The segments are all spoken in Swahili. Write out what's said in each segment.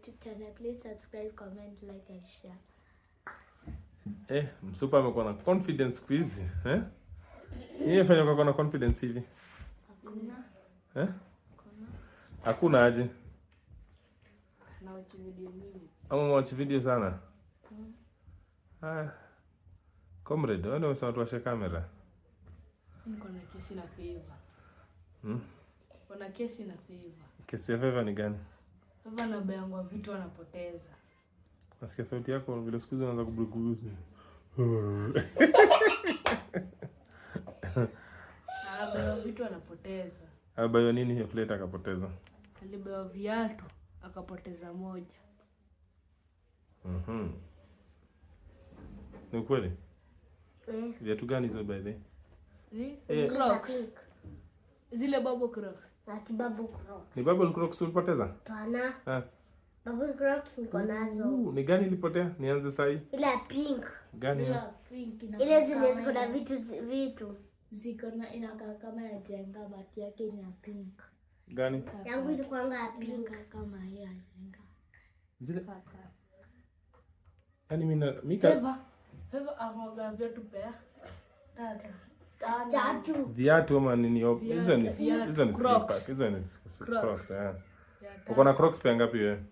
YouTube channel. Please subscribe, comment, like and share. Eh, Msupa amekuwa na confidence quiz, eh? Yeye fanya kwa na confidence hivi. Hakuna. Eh? Hakuna. Hakuna aje? Na watch video nyingi. Ama watch video sana? Mm. Ah. Comrade, wewe ndio unasema kamera. Niko na kesi na fever. Hmm? Kuna kesi na fever. Kesi ya fever ni gani? Baba na baba yangu vitu wanapoteza Nasikia sauti yako vile siku hizi unaanza kubrukuzi. Ah, vitu anapoteza. Ah, Alibewa nini ya kuleta akapoteza? Alibeba viatu akapoteza moja. Mhm. ni ukweli? Eh. Viatu gani hizo by the way? Ni eh. Crocs. Zile babo Crocs. Ati Bubble Crocs. Ni Bubble Crocs ulipoteza? Pana. Eh. Bubble Crocs niko nazo. Uh, ni gani ilipotea? Nianze sahi. Ile pink. Gani? Ile pink. Ile zile ziko na vitu vitu. Ziko na inakaa kama ya jenga bati yake ni ya pink. Gani? Yangu ilikuwa ya pink kama hiyo ya jenga. Zile. Yaani mimi mika. Heva. Heva amoga vya tupea. Tata. Viatu ama nini? Hizo ni hizo ni Crocs. Eh. Uko na Crocs pia ngapi wewe?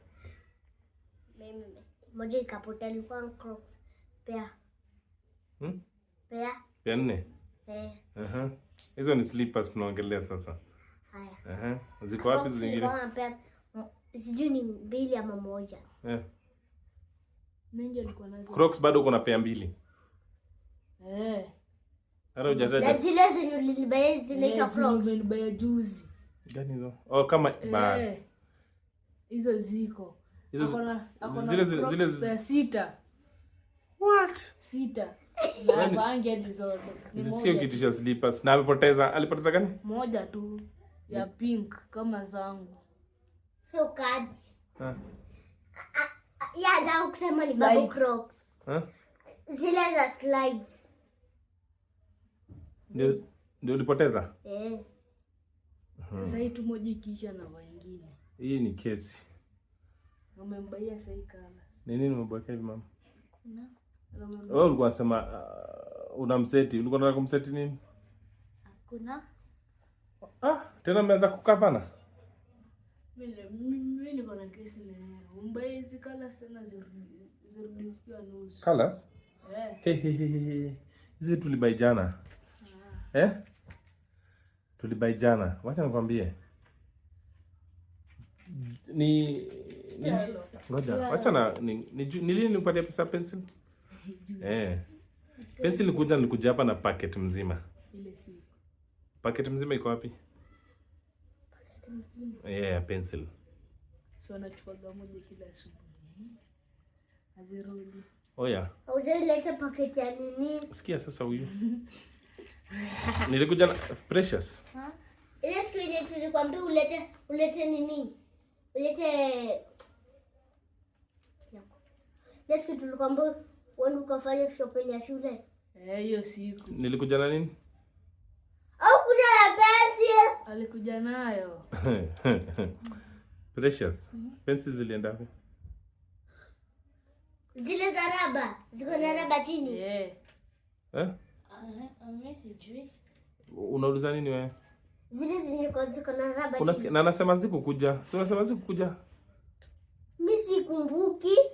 moja ikapotea, Crocs pia. Hmm? Pia. Pia nne? Eh. Aha. Hizo ni slippers tunaongelea sasa. Haya. Aha. Ziko wapi zingine? Sijui ni mbili ama moja. Eh. Crocs bado uko na pia mbili. Eh zile nilibaya juzi gani hizo? Oh, kama eh, basi hizo ziko zile sita sita yaani bangi hadi zote sio kitu cha slippers. Na amepoteza alipoteza gani? Moja tu ya pink kama zangu zile za slides ndio ulipoteza. Eh. Hmm. Sasa hii tu moja ikiisha na wengine. Hii ni kesi. Umembaia sasa kala. Ni nini umebweka hivi mama? Kuna. Wewe ulikuwa unasema uh, unamseti, ulikuwa unataka kumseti nini? Hakuna. Ah, tena mmeanza kukavana? Mimi niko na kesi na yeye. Umbaia hizi kala tena zirudi nusu. Kala? Eh. Hizi tulibai jana eh? Tulibai jana, wacha nikwambie ni ngoja, wacha na ni lini nikupatia pesa pencil eh? Pencil nikuja nikuja hapa na packet mzima. Packet mzima iko wapi? Yeah, pencil kila asubuhi azirudi oya, oh, yeah. ya nini sikia sasa huyu Nilikuja na Precious. Ile siku ile tulikwambia ulete ulete nini? Ulete Ile siku tulikwambia uende ukafanya shopping ya shule. Eh, hiyo siku. Nilikuja na nini? Au kuja na pensi? Alikuja nayo. Precious. Pensi zilienda wapi? Zile za raba. Ziko na raba chini. Eh. Yeah. Eh? Mhm. Unauliza nini wewe? Zile ziko ziko na raba. Unasikia na anasema ziku kuja. Si unasema ziku kuja? Mimi sikumbuki.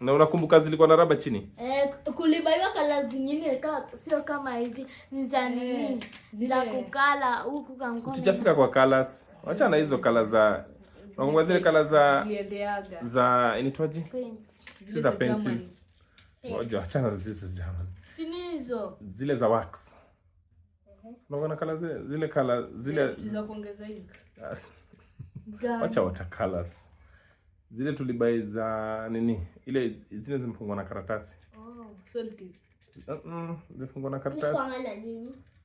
Na unakumbuka zilikuwa na raba chini? Eh, kulibaiwa kala zingine ka, sio kama hizi ni za eh, nini? Za kukala huku kwa mkono. Tutafika kwa colors. Acha na hizo colors za Unakumbuka zile colors za za inaitwaje? Za pencil. Ngoja acha na zile za German hizo zile za wax mhm. unaona kala zile zile kala zile za kuongeza hiyo. Acha wata colors zile tulibai za nini, ile zile zimefungwa na karatasi. Oh, salty. Mm, zimefungwa na karatasi.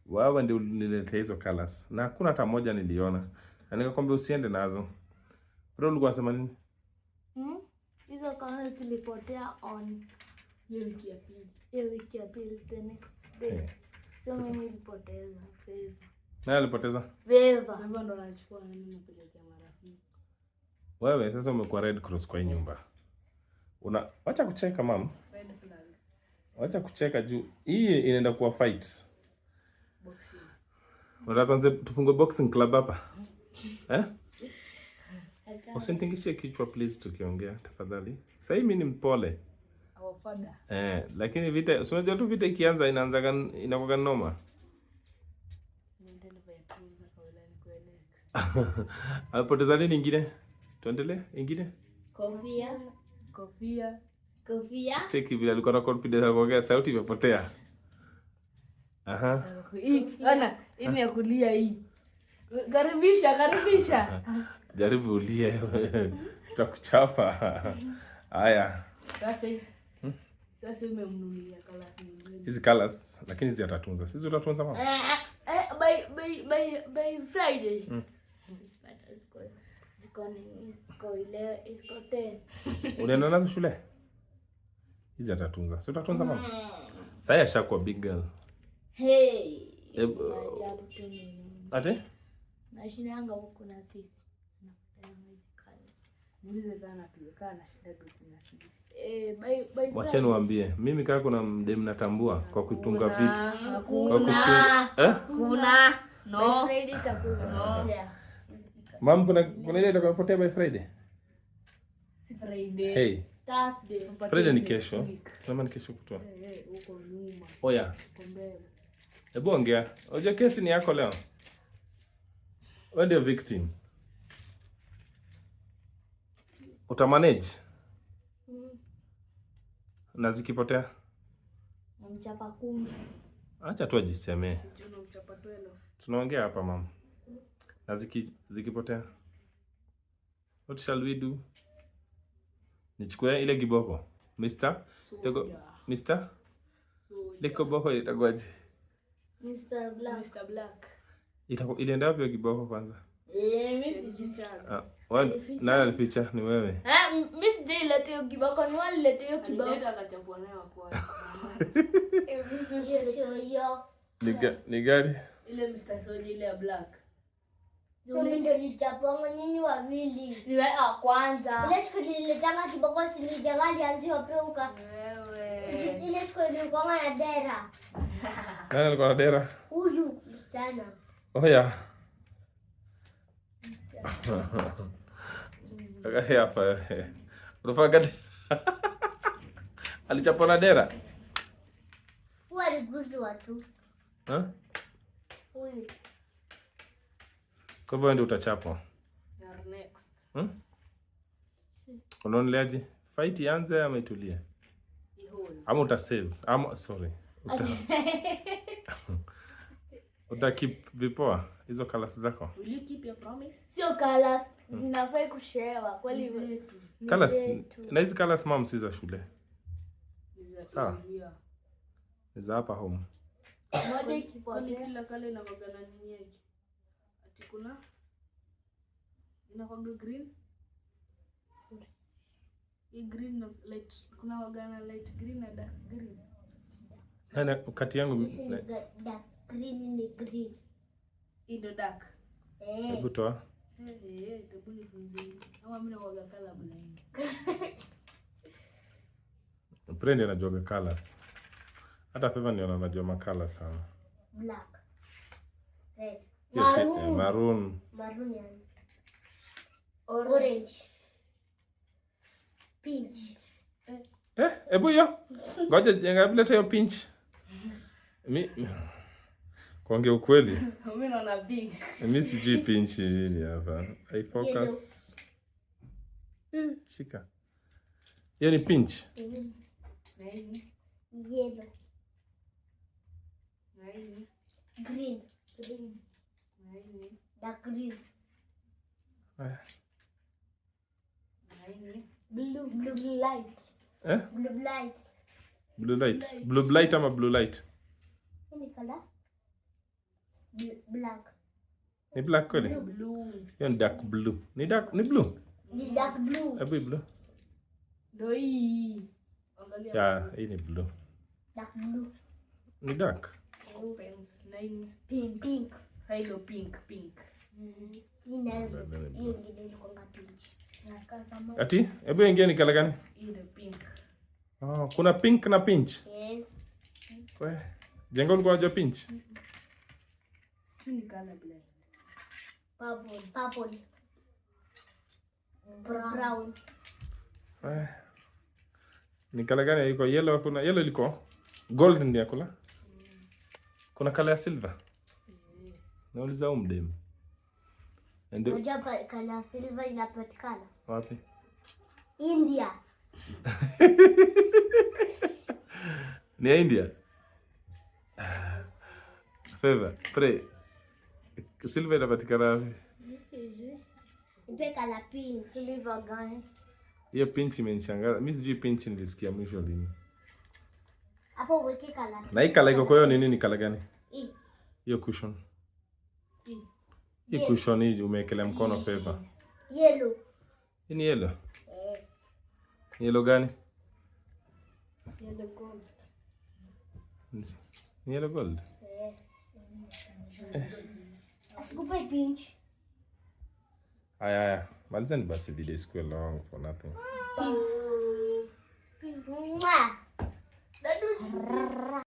Wao ndio nilileta hizo colors na hakuna hata moja niliona, na nikakwambia usiende nazo. Bro, ulikuwa unasema nini? Mm, hizo colors zilipotea on hiyo wiki ya pili, hiyo wiki ya pili, the next day yeah. So mimi nilipoteza naye alipoteza ndo anachukua mimi napelekea marafiki. Wewe sasa umekuwa red cross kwa hii nyumba, una wacha kucheka mam, wacha kucheka juu hii inaenda kuwa fight boxing. tuanze tufungue boxing club hapa eh? Usintingishe kichwa please, tukiongea tafadhali. Sasa mimi ni mpole Eh, lakini vita si unajua tu vita ikianza inaanza inakuwa noma. Alipoteza ah, nini ingine? Tuendelee ingine? Kofia. Kofia. Kofia. Cheki vile alikuwa na confidence sauti imepotea. Aha. ana ya kulia hii. Karibisha, karibisha. Jaribu ulie. Tutakuchapa. Haya. Sasa sasa umemnunulia colors nyingine. Hizi colors lakini hizi atatunza. Sisi utatunza mama. Eh, eh, eh, by by by by Friday. Mm. ni ile ten. Unaenda nazo shule? Hizi atatunza. Sisi utatunza mama. Mm. Sasa ashakuwa big girl. Hey. Ate? Nashinanga huko na sisi. Eh, Wacha niwaambie mimi kaa kuna mdem natambua kwa kutunga vitu kwa kuchunga eh? Kuna no. No. Mam, kuna kuna ile itakapotea by Friday. Si Friday. Hey. Thursday. Friday ni kesho. Kama ni kesho kutwa. Eh, eh, Oya. Oh, Hebu ongea. Unajua kesi ni yako leo. Wewe ndio victim uta manage mm. Na zikipotea acha tu ajisemee, tunaongea hapa mama. Na ziki, zikipotea what shall we do? Nichukue ile kiboko Mr. Tego, Mr. ile kiboko itagwaje? Mister Black. Ilienda wapi giboko kwanza? Eh, mimi sijui. Nani alificha? Ni wewe. Eh, mimi sijaileta hiyo kibao kwa nini walileta hiyo kibao? Nileta akachapua nayo kwa. Eh, ni gari? Ile Mr. Soji ile ya black. Mimi ndio nilichapua nyinyi wawili. Ni wewe wa kwanza. Ile siku nililetanga kiboko si nilijangali anzi wapeuka. Wewe. Ile siku nilikuwa na dera. Nani alikuwa na dera? Huyu msichana. Oh yeah. Angalia hapa wewe. Eh. dera. Kwa hivyo utachapwa. You're hmm? Fight ianze ama itulie? Ama utasave. Ama sorry. Uta... Uta keep vipoa hizo kalas zako? Will you keep your promise? Sio kalas zinafai kushewa kweli na hizi kalas mom si za shule. Sawa. Ni za hapa home. kila kale na magana green na light kuna light green na dark green. kati yangu dark green ni green. Hii ndo dark. Eh. Hebu toa. Eh, eh, tabuni vizuri. Ama mimi naoga kala blind. Brand anajuaga colors. Hata Favor ni anajua makala sana. Black. Red. Yes, eh, maroon. Eh, maroon. Maroon yani. Orange. Orange. Pinch. Eh, eh hebu hiyo. Ngoja jenga bila hiyo pinch. Mi Kwange ukweli? Mimi big. Eh, sijui pinchi nini hapa. I focus. Hmm. Shika. Hiyo ni pinch. Mm. Mm-hmm. Nini? Yellow. Green. Green. Dark green. Ah. Blue, blue light. Eh? Blue light. Blue light. Blue light ama blue light? Ni kala? black. Ni black ke ni? Blue. Yang dark blue. Ni dark, ni blue. Ni dark blue. Apa blue? Doi. Ya, ini blue. Dark blue. Ni dark. Pink, oh, pink. Nine. Pink. Pink. Saya pink, pink, pink. Hmm. Ini ini ini kau peach. Ati, hebu yang ni kala gani? Ile pink. Oh, kuna pink na pinch. Yes. Kwa jengo ulikuwa unajua pinch? Mm -hmm. Ni colorblind. Purple. Purple. Brown. Eh. Ni color gani iko? Yellow kuna yellow liko? Gold ndio kula. Kuna kala ya silver? Mm. Nauliza huyu mdemu. Ndio. Moja pa color silver inapatikana. Wapi? India. Ni India. Ah. Fever. pray. Silva inapatikana wapi? Mpaka la pinch ulivyo gani? Hiyo pinch imenishangaza. Mimi sijui pinch nilisikia mwisho lini. Hapo uweke kala. Na hii kala e iko kwa hiyo nini ni kala gani? Hiyo e cushion. Hii e cushion hii umewekelea mkono pepa. Yellow. Hii ni yellow. Eh. Yellow gani? Yellow gold. Yellow gold. Eh. Asikupe pinch. Aya, aya. Malizeni basi video isikuwe long for nothing. Peace. Peace.